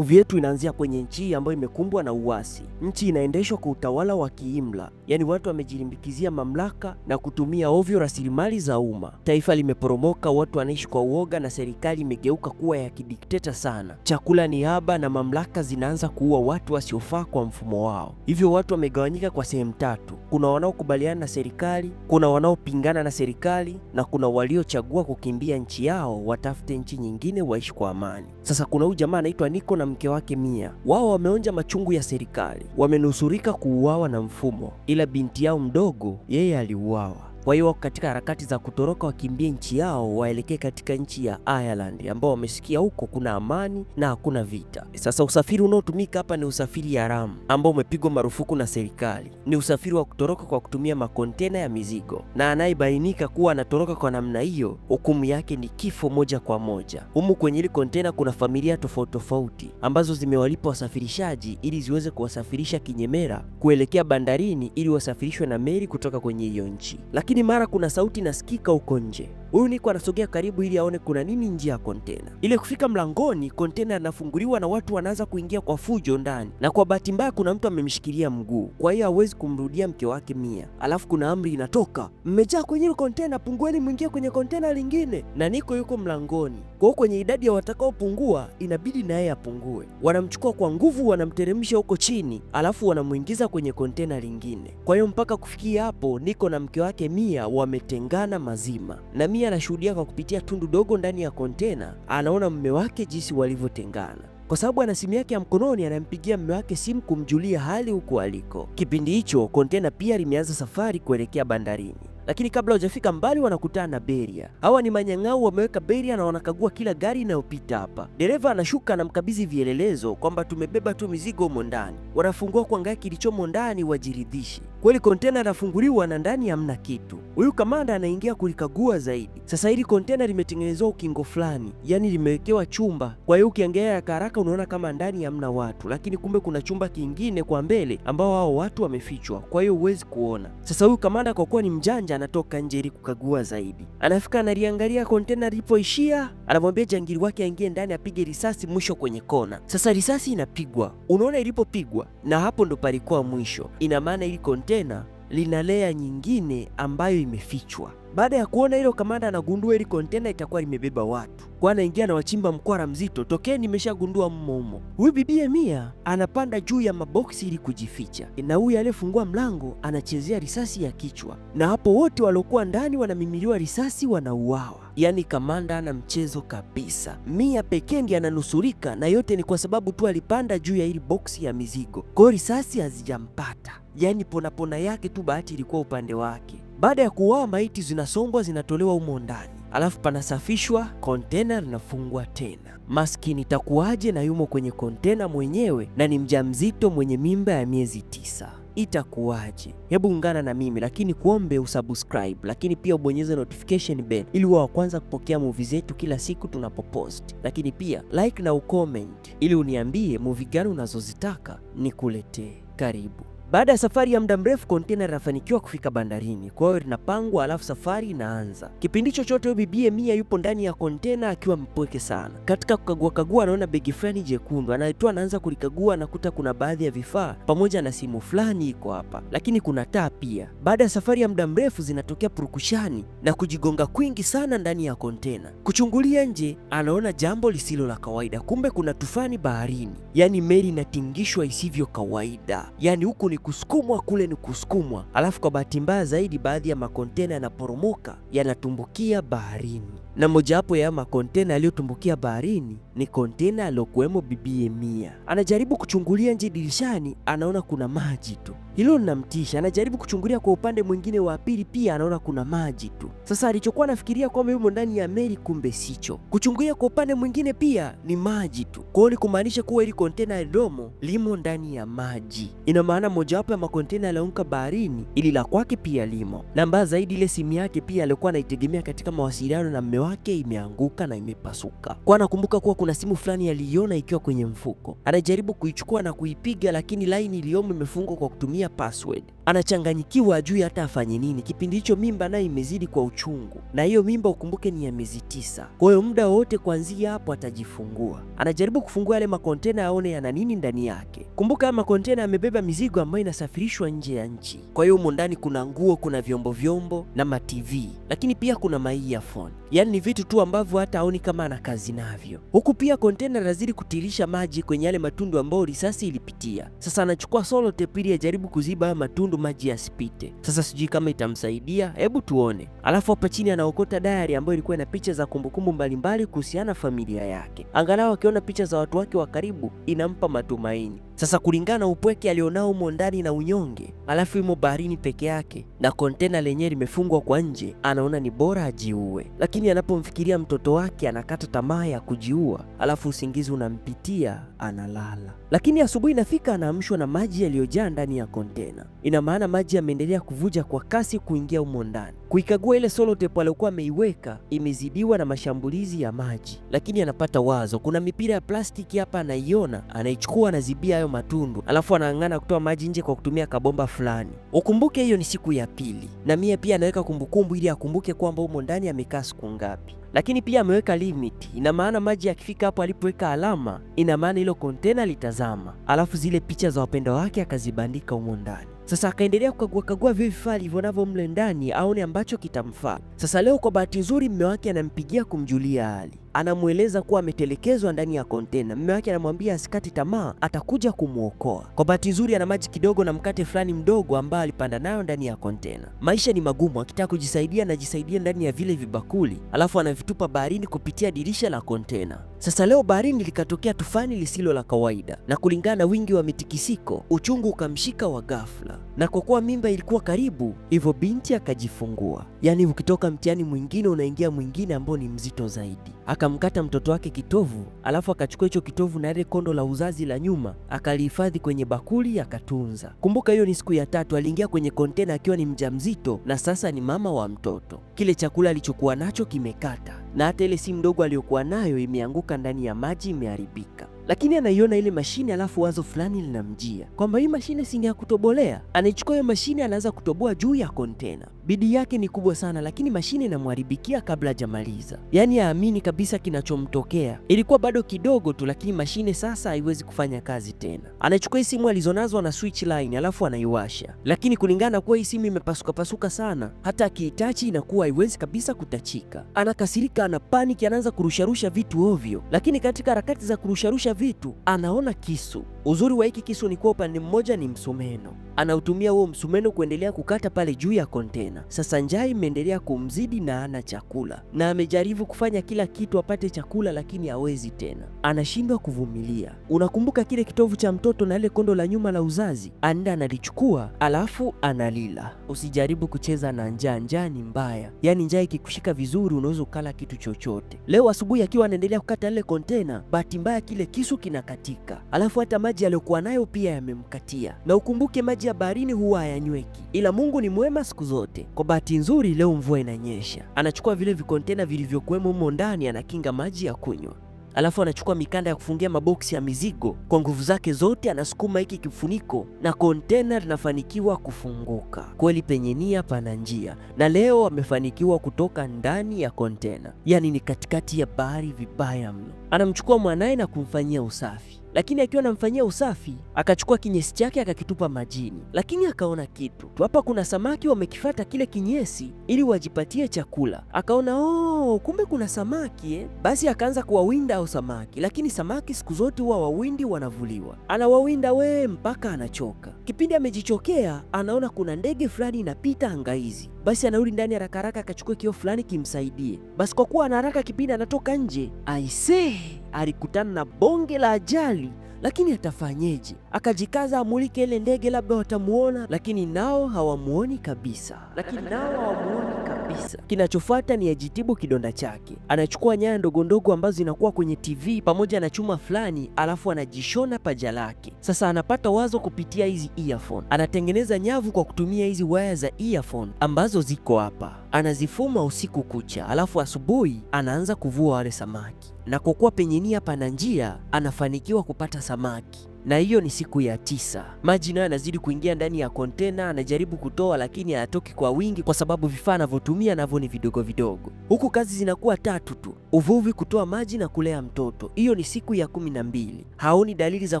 Muvi yetu inaanzia kwenye nchi ambayo imekumbwa na uasi. Nchi inaendeshwa kwa utawala wa kiimla, yaani watu wamejilimbikizia mamlaka na kutumia ovyo rasilimali za umma. Taifa limeporomoka, watu wanaishi kwa uoga na serikali imegeuka kuwa ya kidikteta sana. Chakula ni haba na mamlaka zinaanza kuua watu wasiofaa kwa mfumo wao. Hivyo watu wamegawanyika kwa sehemu tatu: kuna wanaokubaliana na serikali, kuna wanaopingana na serikali na kuna waliochagua kukimbia nchi yao watafute nchi nyingine waishi kwa amani. Sasa kuna huyu jamaa anaitwa Niko na mke wake Mia. Wao wameonja machungu ya serikali, wamenusurika kuuawa na mfumo, ila binti yao mdogo yeye aliuawa. Kwa hiyo wako katika harakati za kutoroka, wakimbie nchi yao waelekee katika nchi ya Ireland, ambao wamesikia huko kuna amani na hakuna vita. Sasa usafiri unaotumika hapa ni usafiri haramu ambao umepigwa marufuku na serikali. Ni usafiri wa kutoroka kwa kutumia makontena ya mizigo, na anayebainika kuwa anatoroka kwa namna hiyo, hukumu yake ni kifo moja kwa moja. Humu kwenye hili kontena kuna familia tofauti tofauti ambazo zimewalipa wasafirishaji ili ziweze kuwasafirisha kinyemera kuelekea bandarini ili wasafirishwe na meli kutoka kwenye hiyo nchi lakini mara kuna sauti nasikika huko nje. Huyu Niko anasogea karibu ili aone kuna nini nje ya kontena ile. Kufika mlangoni, kontena inafunguliwa na watu wanaanza kuingia kwa fujo ndani, na kwa bahati mbaya kuna mtu amemshikilia mguu, kwa hiyo hawezi kumrudia mke wake Mia. Alafu kuna amri inatoka, mmejaa kwenye kontena, pungueni mwingie kwenye kontena lingine, na Niko yuko mlangoni. Kwa hiyo kwenye idadi ya watakaopungua inabidi naye apungue. Wanamchukua kwa nguvu, wanamteremsha huko chini, alafu wanamuingiza kwenye kontena lingine. Kwa hiyo mpaka kufikia hapo, Niko na mke wake Mia wametengana mazima na Mia Samia anashuhudia kwa kupitia tundu dogo ndani ya kontena, anaona mme wake jinsi walivyotengana. Kwa sababu ana simu yake ya mkononi, anampigia mme wake simu kumjulia hali huko aliko. Kipindi hicho kontena pia limeanza safari kuelekea bandarini lakini kabla hujafika mbali wanakutana na beria. Hawa ni manyang'au, wameweka beria na wanakagua kila gari inayopita hapa. Dereva anashuka, na mkabizi vielelezo kwamba tumebeba tu mizigo humo ndani. Wanafungua kuangalia kilichomo ndani wajiridhishe. Kweli kontena inafunguliwa na ndani hamna kitu. Huyu kamanda anaingia kulikagua zaidi. Sasa hili kontena limetengenezwa ukingo fulani, yani limewekewa chumba. Kwa hiyo ukiangalia haraka haraka unaona kama ndani hamna watu, lakini kumbe kuna chumba kingine kwa mbele ambao hao watu wamefichwa, kwa hiyo huwezi kuona. Sasa huyu kamanda kwa kuwa ni mjanja, anatoka nje ili kukagua zaidi. Anafika analiangalia kontena lilipoishia, anamwambia jangili wake aingie ndani apige risasi mwisho kwenye kona. Sasa risasi inapigwa, unaona ilipopigwa, na hapo ndo palikuwa mwisho. Ina maana ili kontena tena lina lea nyingine ambayo imefichwa. Baada ya kuona hilo, kamanda anagundua hili kontena itakuwa limebeba watu kwa anaingia na wachimba mkwara mzito tokee nimeshagundua mmo humo. Huyu bibie Mia anapanda juu ya maboksi ili kujificha, na huyu aliyefungua mlango anachezea risasi ya kichwa, na hapo wote waliokuwa ndani wanamimiliwa risasi, wanauawa. Yaani kamanda ana mchezo kabisa. Mia pekee ndiye ananusurika, na yote ni kwa sababu tu alipanda juu ya ili boksi ya mizigo, kwa risasi hazijampata. Yaani ponapona yake tu, bahati ilikuwa upande wake. Baada ya kuuawa, maiti zinasongwa zinatolewa humo ndani alafu panasafishwa, kontena linafungwa tena. Maskini itakuwaje na yumo kwenye kontena mwenyewe na ni mjamzito mwenye mimba ya miezi tisa? Itakuwaje? Hebu ungana na mimi lakini kuombe usubscribe, lakini pia ubonyeze notification bell ili uwe wa kwanza kupokea movie zetu kila siku tunapopost, lakini pia like na ucomment ili uniambie movie gani unazozitaka nikuletee. Karibu. Baada ya safari ya muda mrefu kontena linafanikiwa kufika bandarini, kwa hiyo linapangwa, alafu safari inaanza. Kipindi chochote huyo bibie Mia yupo ndani ya kontena akiwa mpweke sana. Katika kukagua kagua, anaona begi fulani jekundu, anaitoa, anaanza kulikagua, anakuta kuna baadhi ya vifaa pamoja na simu fulani iko hapa, lakini kuna taa pia. Baada ya safari ya muda mrefu, zinatokea purukushani na kujigonga kwingi sana ndani ya kontena. Kuchungulia nje, anaona jambo lisilo la kawaida, kumbe kuna tufani baharini, yaani meli inatingishwa isivyo kawaida, yaani huku ni kusukumwa, kule ni kusukumwa. Alafu kwa bahati mbaya zaidi, baadhi ya makontena yanaporomoka, yanatumbukia baharini na mojawapo ya makontena yaliyotumbukia baharini ni kontena aliyokuwemo bibie Mia. Anajaribu kuchungulia nje dirishani, anaona kuna maji tu, hilo linamtisha. Anajaribu kuchungulia kwa upande mwingine wa pili, pia anaona kuna maji tu. Sasa alichokuwa anafikiria kwamba yumo ndani ya meli, kumbe sicho. Kuchungulia kwa upande mwingine pia ni maji tu, kwao ni kumaanisha kuwa ili kontena ya Domo limo ndani ya maji. Ina maana mojawapo ya makontena yaliyoanguka baharini, ili la kwake pia limo. Na mbaya zaidi, ile simu yake pia aliyokuwa anaitegemea katika mawasiliano na mume wake imeanguka na imepasuka, kwa anakumbuka kuwa kuna simu fulani aliiona ikiwa kwenye mfuko. Anajaribu kuichukua na kuipiga, lakini laini iliyomo imefungwa kwa kutumia password. Anachanganyikiwa, ajui hata afanye nini. Kipindi hicho mimba nayo imezidi kwa uchungu, na hiyo mimba ukumbuke ni ya miezi tisa. Kwa hiyo muda wowote kuanzia hapo atajifungua. Anajaribu kufungua yale makontena aone yana nini ndani yake. Kumbuka haya makontena yamebeba mizigo ambayo inasafirishwa nje ya nchi, kwa hiyo humo ndani kuna nguo, kuna vyombo vyombo na ma TV, lakini pia kuna ma earphone yaani ni vitu tu ambavyo hata haoni kama ana kazi navyo. Huku pia kontena lazidi kutirisha maji kwenye yale matundu ambayo risasi ilipitia. Sasa anachukua solo tepu ili ajaribu kuziba haya matundu maji yasipite. Sasa sijui kama itamsaidia, hebu tuone. Alafu hapa chini anaokota diary ambayo ilikuwa na picha za kumbukumbu mbalimbali kuhusiana familia yake. Angalau akiona picha za watu wake wa karibu inampa matumaini. Sasa kulingana na upweke alionao umo ndani na unyonge, alafu imo baharini peke yake na kontena lenyewe limefungwa kwa nje, anaona ni bora ajiue. Lakini anapomfikiria mtoto wake anakata tamaa ya kujiua, alafu usingizi unampitia analala. Lakini asubuhi inafika, anaamshwa na maji yaliyojaa ndani ya kontena. Ina maana maji yameendelea kuvuja kwa kasi kuingia humo ndani. Kuikagua ile tepo aliyokuwa ameiweka imezidiwa na mashambulizi ya maji, lakini anapata wazo, kuna mipira ya plastiki hapa, anaiona, anaichukua, anazibia hayo matundu alafu anang'ang'ana kutoa maji nje kwa kutumia kabomba fulani. Ukumbuke hiyo ni siku ya pili, na Mia pia anaweka kumbukumbu ili akumbuke kwamba humo ndani amekaa siku ngapi lakini pia ameweka limit. Ina maana maji yakifika hapo alipoweka alama, ina maana hilo kontena litazama, alafu zile picha za wapendwa wake akazibandika humo ndani. Sasa akaendelea kukagua kagua vile vifaa alivyonavyo mle ndani, aone ambacho kitamfaa. Sasa leo kwa bahati nzuri, mme wake anampigia kumjulia hali anamweleza kuwa ametelekezwa ndani ya kontena. Mume wake anamwambia asikati tamaa, atakuja kumwokoa. Kwa bahati nzuri, ana maji kidogo na mkate fulani mdogo ambao alipanda nayo ndani ya kontena. Maisha ni magumu, akitaka kujisaidia anajisaidia ndani ya vile vibakuli, alafu anavitupa baharini kupitia dirisha la kontena. Sasa leo baharini likatokea tufani lisilo la kawaida, na kulingana na wingi wa mitikisiko, uchungu ukamshika wa ghafla, na kwa kuwa mimba ilikuwa karibu, hivyo binti akajifungua. Yaani ukitoka mtihani mwingine unaingia mwingine ambao ni mzito zaidi akamkata mtoto wake kitovu, alafu akachukua hicho kitovu na ile kondo la uzazi la nyuma akalihifadhi kwenye bakuli akatunza. Kumbuka hiyo ni siku ya tatu, aliingia kwenye kontena akiwa ni mjamzito na sasa ni mama wa mtoto. Kile chakula alichokuwa nacho kimekata na hata ile simu ndogo aliyokuwa nayo imeanguka ndani ya maji, imeharibika lakini anaiona ile mashine, alafu wazo fulani linamjia kwamba hii mashine si ya kutobolea. Anaichukua hiyo mashine, anaanza kutoboa juu ya kontena. Bidii yake ni kubwa sana, lakini mashine inamharibikia kabla hajamaliza. Yaani aamini kabisa kinachomtokea. Ilikuwa bado kidogo tu, lakini mashine sasa haiwezi kufanya kazi tena. Anachukua simu alizonazo na switch line, alafu anaiwasha, lakini kulingana na kuwa hii simu imepasuka pasuka sana, hata akiitachi inakuwa haiwezi kabisa kutachika. Anakasirika, ana paniki, anaanza kurusharusha vitu ovyo, lakini katika harakati za kurusharusha vitu anaona kisu. Uzuri wa hiki kisu ni kuwa upande mmoja ni msumeno, anautumia huo msumeno kuendelea kukata pale juu ya kontena. Sasa njaa imeendelea kumzidi na ana chakula, na amejaribu kufanya kila kitu apate chakula, lakini hawezi tena, anashindwa kuvumilia. Unakumbuka kile kitovu cha mtoto na ile kondo la nyuma la uzazi, Anda analichukua, alafu analila. Usijaribu kucheza na njaa, njaa ni mbaya. Yaani njaa ikikushika vizuri, unaweza ukala kitu chochote. Leo asubuhi akiwa anaendelea kukata ile kontena, bahati mbaya kile kisu kinakatika, alafu hata maji aliyokuwa nayo pia yamemkatia. Na ukumbuke maji ya baharini huwa hayanyweki, ila Mungu ni mwema siku zote. Kwa bahati nzuri, leo mvua inanyesha. Anachukua vile vikontena vilivyokuwemo humo ndani, anakinga maji ya kunywa alafu anachukua mikanda ya kufungia maboksi ya mizigo. Kwa nguvu zake zote anasukuma hiki kifuniko na kontena linafanikiwa kufunguka. Kweli penye nia pana njia, na leo amefanikiwa kutoka ndani ya kontena, yaani ni katikati ya bahari vibaya mno. Anamchukua mwanaye na kumfanyia usafi lakini akiwa anamfanyia usafi akachukua kinyesi chake akakitupa majini, lakini akaona kitu tu hapa, kuna samaki wamekifata kile kinyesi ili wajipatie chakula. Akaona oh, kumbe kuna samaki eh. Basi akaanza kuwawinda au samaki, lakini samaki siku zote huwa wawindi wanavuliwa, anawawinda wee mpaka anachoka. Kipindi amejichokea anaona kuna ndege fulani inapita angaizi, basi anarudi ndani haraka haraka akachukua kioo fulani kimsaidie. Basi kwa kuwa ana haraka, kipindi anatoka nje aisee alikutana na bonge la ajali, lakini atafanyeje? Akajikaza amulike ile ndege, labda watamuona, lakini nao hawamuoni kabisa, lakini nao hawamuoni kabisa. Kinachofuata ni ajitibu kidonda chake, anachukua nyaya ndogondogo ambazo zinakuwa kwenye TV pamoja na chuma fulani, alafu anajishona paja lake. Sasa anapata wazo kupitia hizi earphone, anatengeneza nyavu kwa kutumia hizi waya za earphone ambazo ziko hapa, anazifuma usiku kucha, alafu asubuhi anaanza kuvua wale samaki, na kwa kuwa penye nia pana njia, anafanikiwa kupata samaki na hiyo ni siku ya tisa. Maji nayo yanazidi kuingia ndani ya kontena, anajaribu kutoa lakini hayatoki kwa wingi kwa sababu vifaa anavyotumia navyo ni vidogo vidogo, huku kazi zinakuwa tatu tu: uvuvi, kutoa maji na kulea mtoto. Hiyo ni siku ya kumi na mbili. Haoni dalili za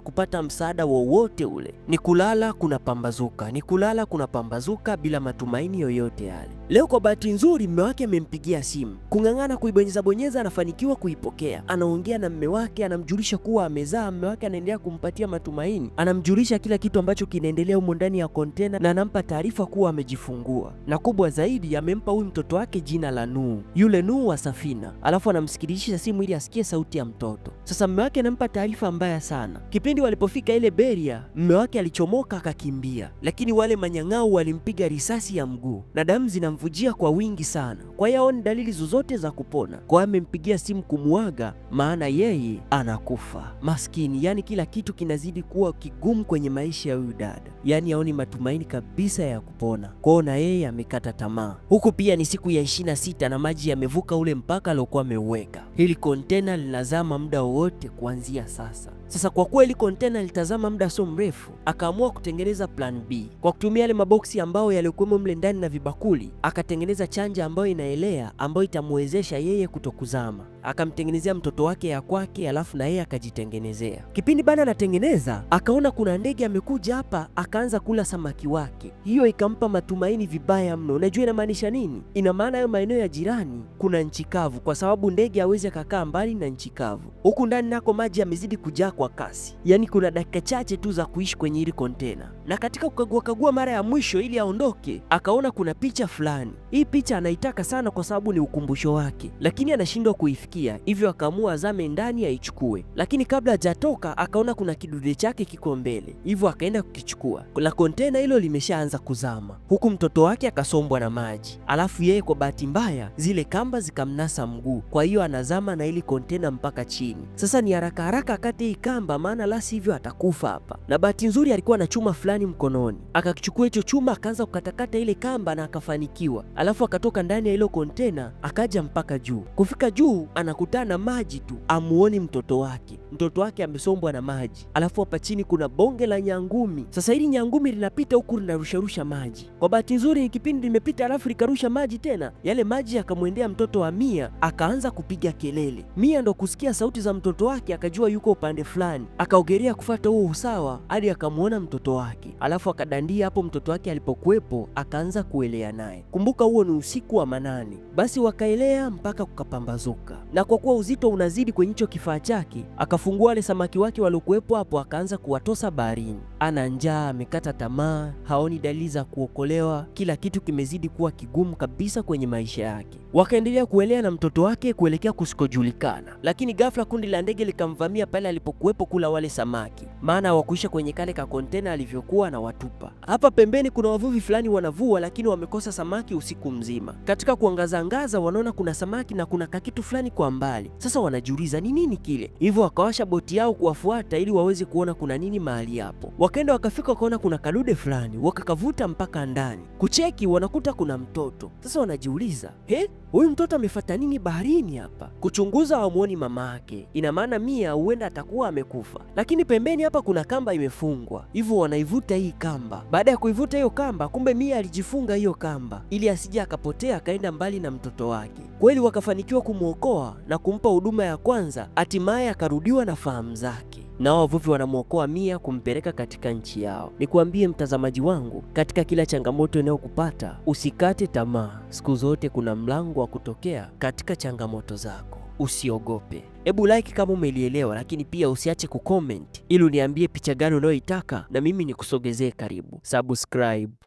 kupata msaada wowote ule, ni kulala kuna pambazuka, ni kulala kuna pambazuka bila matumaini yoyote yale. Leo kwa bahati nzuri mme wake amempigia simu, kung'ang'ana kuibonyeza bonyeza, anafanikiwa kuipokea. Anaongea na mme wake, anamjulisha kuwa amezaa. Mme wake anaendelea kumpatia matumaini, anamjulisha kila kitu ambacho kinaendelea humo ndani ya kontena na anampa taarifa kuwa amejifungua, na kubwa zaidi amempa huyu mtoto wake jina la Nuhu, yule Nuhu wa safina, alafu anamsikiliisha simu ili asikie sauti ya mtoto. Sasa mme wake anampa taarifa mbaya sana. Kipindi walipofika ile beria, mme wake alichomoka akakimbia, lakini wale manyang'au walimpiga risasi ya mguu na damu zinamvujia kwa wingi sana, kwa hiyo haoni dalili zozote za kupona, kwa amempigia simu kumuaga, maana yeye anakufa maskini. Yani kila kitu kina inazidi kuwa kigumu kwenye maisha ya huyu dada, yaani haoni matumaini kabisa ya kupona kwao, na yeye amekata tamaa. Huku pia ni siku ya sita na maji yamevuka ule mpaka aliokuwa ameuweka. Hili kontena linazama muda wowote kuanzia sasa. Sasa kwa kweli kontena alitazama muda sio mrefu, akaamua kutengeneza plan B kwa kutumia yale maboksi ambayo yalikuwemo mle ndani na vibakuli, akatengeneza chanja ambayo inaelea ambayo itamwezesha yeye kutokuzama. Akamtengenezea mtoto wake ya kwake, alafu na yeye akajitengenezea. Kipindi bana anatengeneza, akaona kuna ndege amekuja hapa, akaanza kula samaki wake. Hiyo ikampa matumaini vibaya mno. Unajua inamaanisha nini? Ina maana hayo maeneo ya jirani kuna nchi kavu, kwa sababu ndege hawezi akakaa mbali na nchi kavu. Huku ndani nako maji yamezidi kujaa kwa kasi. Yaani kuna dakika chache tu za kuishi kwenye hili kontena na katika kukaguakagua mara ya mwisho ili aondoke, akaona kuna picha fulani. Hii picha anaitaka sana kwa sababu ni ukumbusho wake, lakini anashindwa kuifikia, hivyo akaamua azame ndani aichukue. Lakini kabla hajatoka akaona kuna kidude chake kiko mbele, hivyo akaenda kukichukua. La kontena hilo limeshaanza kuzama, huku mtoto wake akasombwa na maji, alafu yeye kwa bahati mbaya zile kamba zikamnasa mguu, kwa hiyo anazama na ili kontena mpaka chini. Sasa ni haraka haraka akate hii kamba, maana la sivyo atakufa hapa. Na bahati nzuri alikuwa na chuma fulani fulani mkononi, akakichukua hicho chuma akaanza kukatakata ile kamba na akafanikiwa. Alafu akatoka ndani ya ilo kontena akaja mpaka juu. Kufika juu, anakutana na maji tu, amuoni mtoto wake. Mtoto wake amesombwa na maji. Alafu hapa chini kuna bonge la nyangumi. Sasa hili nyangumi linapita huku linarusharusha maji. Kwa bahati nzuri, kipindi limepita, alafu likarusha maji tena, yale maji yakamwendea mtoto wa Mia, akaanza kupiga kelele. Mia ndo kusikia sauti za mtoto wake, akajua yuko upande fulani, akaogerea kufuata huo usawa hadi akamwona mtoto wake wake, alafu akadandia hapo mtoto wake alipokuwepo, akaanza kuelea naye. Kumbuka huo ni usiku wa manane. Basi wakaelea mpaka kukapambazuka, na kwa kuwa uzito unazidi kwenye hicho kifaa chake, akafungua wale samaki wake waliokuwepo hapo, akaanza kuwatosa baharini ana njaa, amekata tamaa, haoni dalili za kuokolewa. Kila kitu kimezidi kuwa kigumu kabisa kwenye maisha yake. Wakaendelea kuelea na mtoto wake kuelekea kusikojulikana, lakini ghafla kundi la ndege likamvamia pale alipokuwepo kula wale samaki, maana hawakuisha kwenye kale ka kontena alivyokuwa na watupa. Hapa pembeni kuna wavuvi fulani wanavua, lakini wamekosa samaki usiku mzima. Katika kuangazangaza, wanaona kuna samaki na kuna kakitu fulani kwa mbali. Sasa wanajiuliza ni nini kile, hivyo wakawasha boti yao kuwafuata ili waweze kuona kuna nini mahali hapo. Wakaenda wakafika wakaona kuna kadude fulani, wakakavuta mpaka ndani. Kucheki wanakuta kuna mtoto. Sasa wanajiuliza, he, huyu mtoto amefata nini baharini hapa? Kuchunguza hawamuoni mama yake, ina maana Mia huenda atakuwa amekufa. Lakini pembeni hapa kuna kamba imefungwa, hivyo wanaivuta hii kamba. Baada ya kuivuta hiyo kamba, kumbe Mia alijifunga hiyo kamba ili asije akapotea akaenda mbali na mtoto wake. Kweli wakafanikiwa kumwokoa na kumpa huduma ya kwanza, hatimaye akarudiwa na fahamu zake na wavuvi wanamwokoa Mia kumpeleka katika nchi yao. Nikuambie mtazamaji wangu, katika kila changamoto inayokupata usikate tamaa, siku zote kuna mlango wa kutokea katika changamoto zako, usiogope. Hebu like kama umelielewa, lakini pia usiache kucomment ili uniambie picha gani unayoitaka na mimi nikusogezee karibu. Subscribe.